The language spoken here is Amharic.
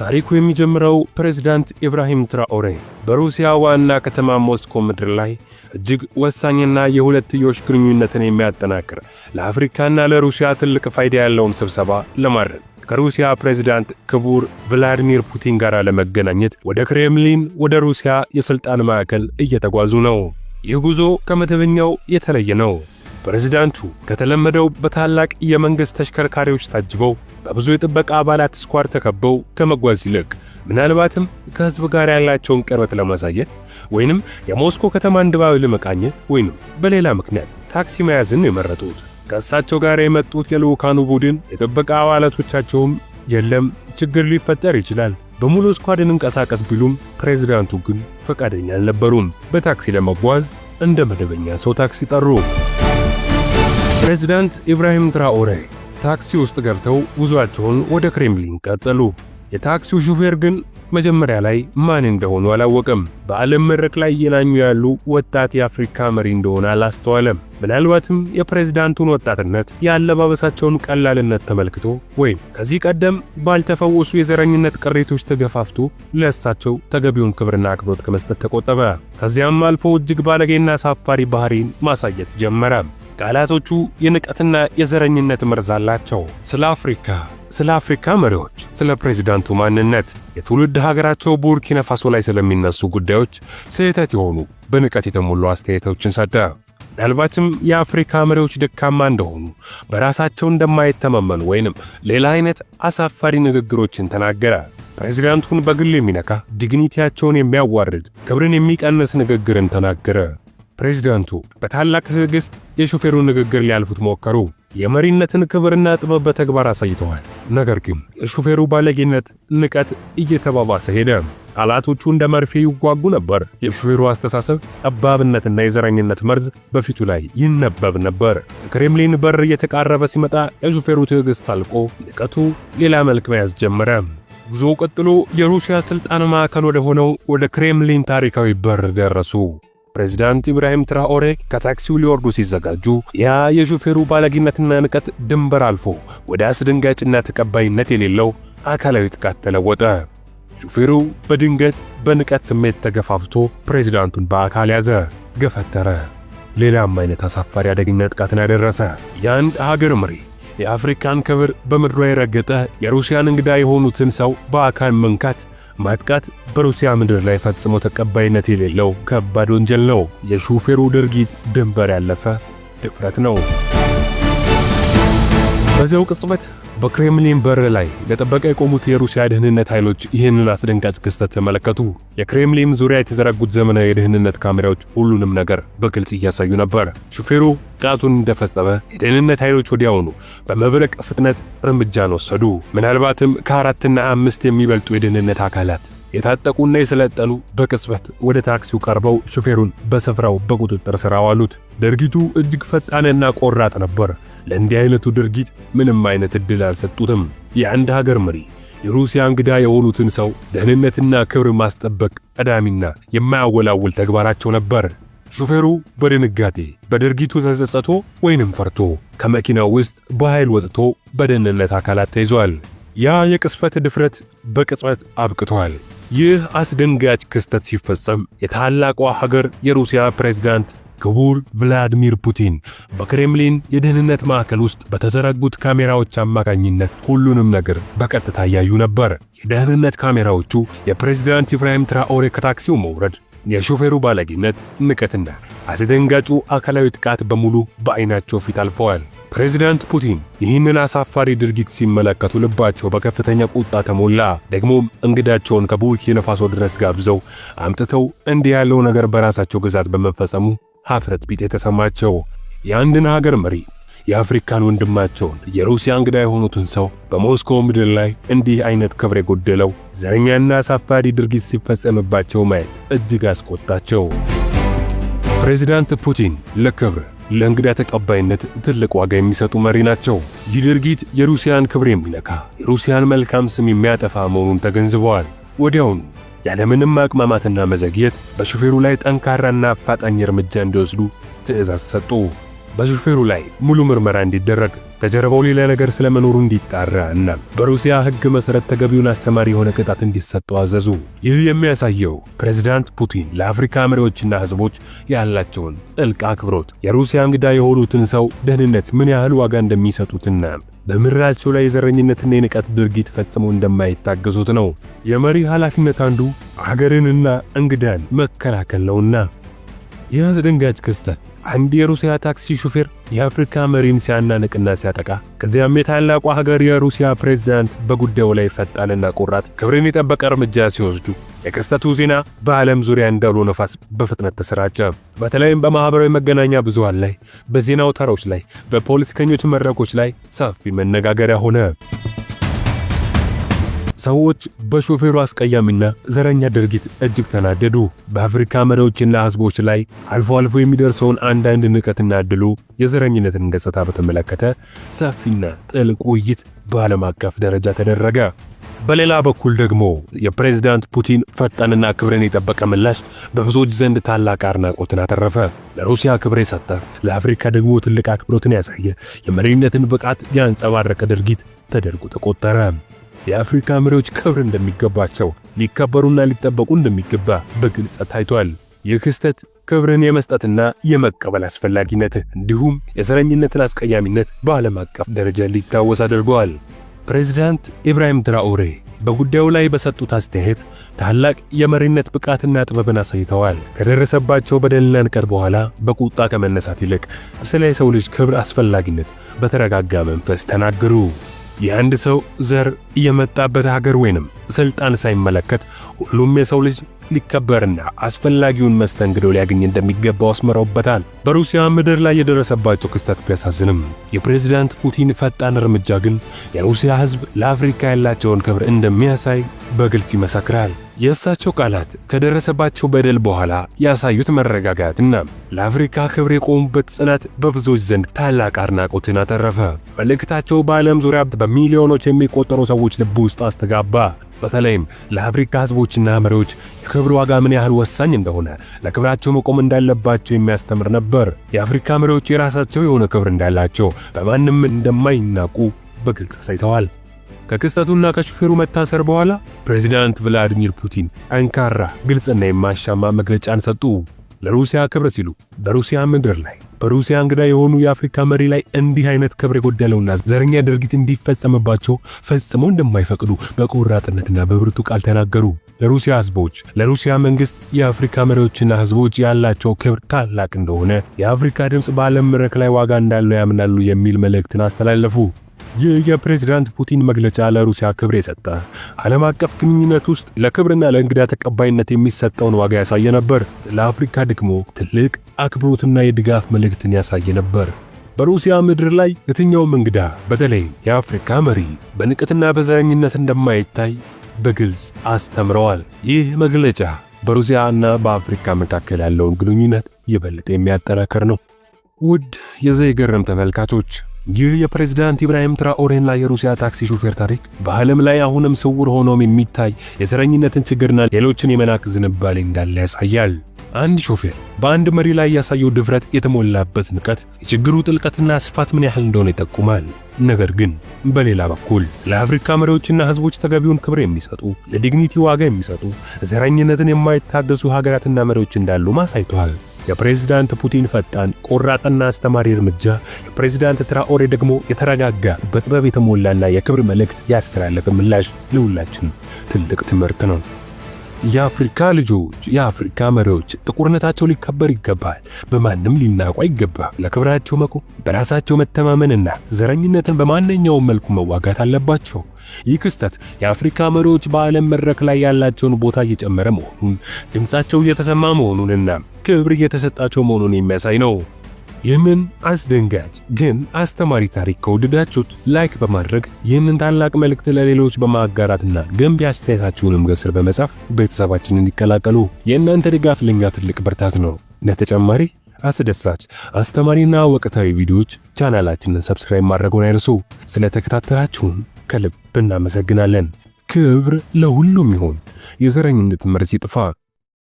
ታሪኩ የሚጀምረው ፕሬዝዳንት ኢብራሂም ትራኦሬ በሩሲያ ዋና ከተማ ሞስኮ ምድር ላይ እጅግ ወሳኝና የሁለትዮሽ ግንኙነትን የሚያጠናክር ለአፍሪካና ለሩሲያ ትልቅ ፋይዳ ያለውን ስብሰባ ለማድረግ ከሩሲያ ፕሬዝዳንት ክቡር ቭላዲሚር ፑቲን ጋር ለመገናኘት ወደ ክሬምሊን ወደ ሩሲያ የሥልጣን ማዕከል እየተጓዙ ነው። ይህ ጉዞ ከመደበኛው የተለየ ነው። ፕሬዚዳንቱ ከተለመደው በታላቅ የመንግሥት ተሽከርካሪዎች ታጅበው በብዙ የጥበቃ አባላት ስኳር ተከበው ከመጓዝ ይልቅ ምናልባትም ከሕዝብ ጋር ያላቸውን ቅርበት ለማሳየት ወይንም የሞስኮ ከተማን ድባብ ለመቃኘት ወይንም በሌላ ምክንያት ታክሲ መያዝን የመረጡት። ከእሳቸው ጋር የመጡት የልዑካኑ ቡድን የጥበቃ አባላቶቻቸውም የለም ችግር ሊፈጠር ይችላል በሙሉ ስኳድ እንንቀሳቀስ ቢሉም ፕሬዚዳንቱ ግን ፈቃደኛ አልነበሩም። በታክሲ ለመጓዝ እንደ መደበኛ ሰው ታክሲ ጠሩ። ፕሬዚዳንት ኢብራሂም ትራኦሬ ታክሲ ውስጥ ገብተው ጉዟቸውን ወደ ክሬምሊን ቀጠሉ። የታክሲው ሹፌር ግን መጀመሪያ ላይ ማን እንደሆኑ አላወቀም። በዓለም መድረክ ላይ እየናኙ ያሉ ወጣት የአፍሪካ መሪ እንደሆነ አላስተዋለም። ምናልባትም የፕሬዝዳንቱን ወጣትነት፣ የአለባበሳቸውን ቀላልነት ተመልክቶ ወይም ከዚህ ቀደም ባልተፈወሱ የዘረኝነት ቅሬቶች ተገፋፍቶ ለእሳቸው ተገቢውን ክብርና አክብሮት ከመስጠት ተቆጠበ። ከዚያም አልፎ እጅግ ባለጌና አሳፋሪ ባህሪን ማሳየት ጀመረ። ቃላቶቹ የንቀትና የዘረኝነት መርዝ አላቸው። ስለ አፍሪካ፣ ስለ አፍሪካ መሪዎች፣ ስለ ፕሬዚዳንቱ ማንነት፣ የትውልድ ሀገራቸው ቡርኪና ፋሶ ላይ ስለሚነሱ ጉዳዮች ስህተት የሆኑ በንቀት የተሞሉ አስተያየቶችን ሰጠ። ምናልባትም የአፍሪካ መሪዎች ደካማ እንደሆኑ፣ በራሳቸው እንደማይተማመኑ ወይንም ሌላ አይነት አሳፋሪ ንግግሮችን ተናገረ። ፕሬዚዳንቱን በግል የሚነካ ዲግኒቲያቸውን የሚያዋርድ ክብርን የሚቀንስ ንግግርን ተናገረ። ፕሬዚዳንቱ በታላቅ ትዕግስት የሾፌሩን ንግግር ሊያልፉት ሞከሩ። የመሪነትን ክብርና ጥበብ በተግባር አሳይተዋል። ነገር ግን የሾፌሩ ባለጌነት፣ ንቀት እየተባባሰ ሄደ። ቃላቶቹ እንደ መርፌ ይጓጉ ነበር። የሾፌሩ አስተሳሰብ ጠባብነትና የዘረኝነት መርዝ በፊቱ ላይ ይነበብ ነበር። ክሬምሊን በር እየተቃረበ ሲመጣ የሾፌሩ ትዕግስት አልቆ ንቀቱ ሌላ መልክ መያዝ ጀመረ። ጉዞ ቀጥሎ የሩሲያ ሥልጣን ማዕከል ወደ ሆነው ወደ ክሬምሊን ታሪካዊ በር ደረሱ። ፕሬዚዳንት ኢብራሂም ትራኦሬ ከታክሲው ሊወርዱ ሲዘጋጁ ያ የሹፌሩ ባለጌነትና ንቀት ድንበር አልፎ ወደ አስደንጋጭና ተቀባይነት የሌለው አካላዊ ጥቃት ተለወጠ። ሹፌሩ በድንገት በንቀት ስሜት ተገፋፍቶ ፕሬዚዳንቱን በአካል ያዘ፣ ገፈተረ። ሌላም አይነት አሳፋሪ አደገኛ ጥቃትን ያደረሰ የአንድ ሀገር መሪ የአፍሪካን ክብር በምድሯ የረገጠ የሩሲያን እንግዳ የሆኑትን ሰው በአካል መንካት ማጥቃት በሩሲያ ምድር ላይ ፈጽሞ ተቀባይነት የሌለው ከባድ ወንጀል ነው። የሹፌሩ ድርጊት ድንበር ያለፈ ድፍረት ነው። በዚያው ቅጽበት በክሬምሊን በር ላይ ለጥበቃ የቆሙት የሩሲያ ደህንነት ኃይሎች ይህንን አስደንጋጭ ክስተት ተመለከቱ። የክሬምሊን ዙሪያ የተዘረጉት ዘመናዊ የደህንነት ካሜራዎች ሁሉንም ነገር በግልጽ እያሳዩ ነበር። ሹፌሩ ጥቃቱን እንደፈጸመ የደህንነት ኃይሎች ወዲያውኑ በመብረቅ ፍጥነት እርምጃን ወሰዱ። ምናልባትም ከአራትና አምስት የሚበልጡ የደህንነት አካላት የታጠቁና የሰለጠኑ በቅጽበት ወደ ታክሲው ቀርበው ሹፌሩን በስፍራው በቁጥጥር ስር አዋሉት። ድርጊቱ እጅግ ፈጣንና ቆራጥ ነበር። ለእንዲህ አይነቱ ድርጊት ምንም አይነት እድል አልሰጡትም። የአንድ ሀገር መሪ የሩሲያ እንግዳ የሆኑትን ሰው ደህንነትና ክብር ማስጠበቅ ቀዳሚና የማያወላውል ተግባራቸው ነበር። ሹፌሩ በድንጋጤ በድርጊቱ ተጸጸቶ ወይንም ፈርቶ ከመኪናው ውስጥ በኃይል ወጥቶ በደህንነት አካላት ተይዟል። ያ የቅስፈት ድፍረት በቅጽበት አብቅቷል። ይህ አስደንጋጭ ክስተት ሲፈጸም የታላቋ ሀገር የሩሲያ ፕሬዝዳንት ክቡር ቭላዲሚር ፑቲን በክሬምሊን የደህንነት ማዕከል ውስጥ በተዘረጉት ካሜራዎች አማካኝነት ሁሉንም ነገር በቀጥታ እያዩ ነበር። የደህንነት ካሜራዎቹ የፕሬዝዳንት ኢብራሂም ትራኦሬ ከታክሲው መውረድ፣ የሾፌሩ ባለጌነት፣ ንቀትና አስደንጋጩ አካላዊ ጥቃት በሙሉ በዓይናቸው ፊት አልፈዋል። ፕሬዚዳንት ፑቲን ይህንን አሳፋሪ ድርጊት ሲመለከቱ ልባቸው በከፍተኛ ቁጣ ተሞላ። ደግሞም እንግዳቸውን ከቡርኪና ፋሶ ድረስ ጋብዘው አምጥተው እንዲህ ያለው ነገር በራሳቸው ግዛት በመፈጸሙ ሀፍረት ቢጤ የተሰማቸው የአንድን ሀገር መሪ የአፍሪካን ወንድማቸውን የሩሲያ እንግዳ የሆኑትን ሰው በሞስኮ ምድር ላይ እንዲህ አይነት ክብር የጎደለው ዘረኛና አሳፋሪ ድርጊት ሲፈጸምባቸው ማየት እጅግ አስቆጣቸው። ፕሬዚዳንት ፑቲን ለክብር ለእንግዳ ተቀባይነት ትልቅ ዋጋ የሚሰጡ መሪ ናቸው። ይህ ድርጊት የሩሲያን ክብር የሚነካ የሩሲያን መልካም ስም የሚያጠፋ መሆኑን ተገንዝበዋል። ወዲያውኑ ያለምንም ማቅማማትና መዘግየት በሹፌሩ ላይ ጠንካራና አፋጣኝ እርምጃ እንዲወስዱ ትዕዛዝ ሰጡ። በሹፌሩ ላይ ሙሉ ምርመራ እንዲደረግ ከጀርባው ሌላ ነገር ስለመኖሩ እንዲጣራ እና በሩሲያ ሕግ መሰረት ተገቢውን አስተማሪ የሆነ ቅጣት እንዲሰጠው አዘዙ። ይህ የሚያሳየው ፕሬዝዳንት ፑቲን ለአፍሪካ መሪዎችና ሕዝቦች ያላቸውን ጥልቅ አክብሮት፣ የሩሲያ እንግዳ የሆኑትን ሰው ደህንነት ምን ያህል ዋጋ እንደሚሰጡትና በምድራቸው ላይ የዘረኝነትና የንቀት ድርጊት ፈጽመው እንደማይታገሱት ነው። የመሪ ኃላፊነት አንዱ አገርንና እንግዳን መከላከል ነውና ይህ አስደንጋጭ ክስተት አንድ የሩሲያ ታክሲ ሹፌር የአፍሪካ መሪን ሲያናንቅና ሲያጠቃ ከዚያም የታላቁ ሀገር የሩሲያ ፕሬዝዳንት በጉዳዩ ላይ ፈጣንና ቆራት ክብርን የጠበቀ እርምጃ ሲወስዱ የክስተቱ ዜና በዓለም ዙሪያ እንዳሉ ነፋስ በፍጥነት ተሰራጨ። በተለይም በማኅበራዊ መገናኛ ብዙሃን ላይ፣ በዜና አውታሮች ላይ፣ በፖለቲከኞች መድረኮች ላይ ሰፊ መነጋገሪያ ሆነ። ሰዎች በሾፌሩ አስቀያሚና ዘረኛ ድርጊት እጅግ ተናደዱ። በአፍሪካ መሪዎችና ሕዝቦች ላይ አልፎ አልፎ የሚደርሰውን አንዳንድ ንቀትና እድሉ የዘረኝነትን ገጽታ በተመለከተ ሰፊና ጥልቅ ውይይት በዓለም አቀፍ ደረጃ ተደረገ። በሌላ በኩል ደግሞ የፕሬዝዳንት ፑቲን ፈጣንና ክብርን የጠበቀ ምላሽ በብዙዎች ዘንድ ታላቅ አድናቆትን አተረፈ። ለሩሲያ ክብር የሰጠ ለአፍሪካ ደግሞ ትልቅ አክብሮትን ያሳየ የመሪነትን ብቃት ያንጸባረቀ ድርጊት ተደርጎ ተቆጠረ። የአፍሪካ መሪዎች ክብር እንደሚገባቸው ሊከበሩና ሊጠበቁ እንደሚገባ በግልጽ ታይቷል። ይህ ክስተት ክብርን የመስጠትና የመቀበል አስፈላጊነት እንዲሁም የዘረኝነትን አስቀያሚነት በዓለም አቀፍ ደረጃ ሊታወስ አድርገዋል። ፕሬዚዳንት ኢብራሂም ትራኦሬ በጉዳዩ ላይ በሰጡት አስተያየት ታላቅ የመሪነት ብቃትና ጥበብን አሳይተዋል። ከደረሰባቸው በደልና ንቀት በኋላ በቁጣ ከመነሳት ይልቅ ስለ የሰው ልጅ ክብር አስፈላጊነት በተረጋጋ መንፈስ ተናገሩ። የአንድ ሰው ዘር የመጣበት ሀገር ወይንም ስልጣን ሳይመለከት ሁሉም የሰው ልጅ ሊከበርና አስፈላጊውን መስተንግዶ ሊያገኝ እንደሚገባው አስምረውበታል። በሩሲያ ምድር ላይ የደረሰባቸው ክስተት ቢያሳዝንም የፕሬዝዳንት ፑቲን ፈጣን እርምጃ ግን የሩሲያ ሕዝብ ለአፍሪካ ያላቸውን ክብር እንደሚያሳይ በግልጽ ይመሰክራል። የእሳቸው ቃላት ከደረሰባቸው በደል በኋላ ያሳዩት መረጋጋትና ለአፍሪካ ክብር የቆሙበት ጽናት በብዙዎች ዘንድ ታላቅ አድናቆትን አተረፈ። መልእክታቸው በዓለም ዙሪያ በሚሊዮኖች የሚቆጠሩ ሰዎች ልብ ውስጥ አስተጋባ። በተለይም ለአፍሪካ ህዝቦችና መሪዎች የክብር ዋጋ ምን ያህል ወሳኝ እንደሆነ፣ ለክብራቸው መቆም እንዳለባቸው የሚያስተምር ነበር። የአፍሪካ መሪዎች የራሳቸው የሆነ ክብር እንዳላቸው፣ በማንም እንደማይናቁ በግልጽ አሳይተዋል። ከክስተቱና ከሹፌሩ መታሰር በኋላ ፕሬዚዳንት ቭላዲሚር ፑቲን ጠንካራ ግልጽና የማሻማ መግለጫን ሰጡ። ለሩሲያ ክብር ሲሉ በሩሲያ ምድር ላይ በሩሲያ እንግዳ የሆኑ የአፍሪካ መሪ ላይ እንዲህ አይነት ክብር የጎደለውና ዘረኛ ድርጊት እንዲፈጸምባቸው ፈጽሞ እንደማይፈቅዱ በቆራጥነትና በብርቱ ቃል ተናገሩ። ለሩሲያ ህዝቦች ለሩሲያ መንግስት የአፍሪካ መሪዎችና ህዝቦች ያላቸው ክብር ታላቅ እንደሆነ፣ የአፍሪካ ድምፅ በዓለም መድረክ ላይ ዋጋ እንዳለው ያምናሉ የሚል መልእክትን አስተላለፉ። ይህ የፕሬዝዳንት ፑቲን መግለጫ ለሩሲያ ክብር የሰጠ ዓለም አቀፍ ግንኙነት ውስጥ ለክብርና ለእንግዳ ተቀባይነት የሚሰጠውን ዋጋ ያሳየ ነበር። ለአፍሪካ ደግሞ ትልቅ አክብሮትና የድጋፍ መልእክትን ያሳየ ነበር። በሩሲያ ምድር ላይ የትኛውም እንግዳ በተለይም የአፍሪካ መሪ በንቀትና በዘረኝነት እንደማይታይ በግልጽ አስተምረዋል። ይህ መግለጫ በሩሲያ እና በአፍሪካ መካከል ያለውን ግንኙነት የበለጠ የሚያጠናክር ነው። ውድ የዘይገርም ተመልካቾች ይህ የፕሬዝዳንት ኢብራሂም ትራኦሬና የሩሲያ ታክሲ ሹፌር ታሪክ በዓለም ላይ አሁንም ስውር ሆኖም የሚታይ የዘረኝነትን ችግርና ሌሎችን የመናቅ ዝንባሌ እንዳለ ያሳያል። አንድ ሾፌር በአንድ መሪ ላይ ያሳየው ድፍረት የተሞላበት ንቀት የችግሩ ጥልቀትና ስፋት ምን ያህል እንደሆነ ይጠቁማል። ነገር ግን በሌላ በኩል ለአፍሪካ መሪዎችና ሕዝቦች ተገቢውን ክብር የሚሰጡ ለዲግኒቲ ዋጋ የሚሰጡ ዘረኝነትን የማይታገሱ ሀገራትና መሪዎች እንዳሉ አሳይቷል። የፕሬዝዳንት ፑቲን ፈጣን ቆራጥና አስተማሪ እርምጃ፣ የፕሬዝዳንት ትራኦሬ ደግሞ የተረጋጋ በጥበብ የተሞላና የክብር መልእክት ያስተላለፈ ምላሽ ለሁላችን ትልቅ ትምህርት ነው። የአፍሪካ ልጆች የአፍሪካ መሪዎች ጥቁርነታቸው ሊከበር ይገባል፣ በማንም ሊናቁ አይገባም። ለክብራቸው መቆም፣ በራሳቸው መተማመንና ዘረኝነትን በማንኛውም መልኩ መዋጋት አለባቸው። ይህ ክስተት የአፍሪካ መሪዎች በዓለም መድረክ ላይ ያላቸውን ቦታ እየጨመረ መሆኑን፣ ድምፃቸው እየተሰማ መሆኑንና ክብር እየተሰጣቸው መሆኑን የሚያሳይ ነው። የምን አስደንጋጭ ግን አስተማሪ ታሪክ ከወደዳችሁት ላይክ በማድረግ ይህንን ታላቅ መልእክት ለሌሎች በማጋራትና ገንቢ አስተያየታችሁንም ከስር በመጻፍ ቤተሰባችንን እንዲቀላቀሉ የእናንተ ድጋፍ ለኛ ትልቅ ብርታት ነው። ለተጨማሪ አስደሳች፣ አስተማሪና ወቅታዊ ቪዲዮዎች ቻናላችንን ሰብስክራይብ ማድረጉን አይርሱ። ስለተከታተላችሁን ከልብ እናመሰግናለን። ክብር ለሁሉም ይሁን። የዘረኝነት መርዝ ይጥፋ።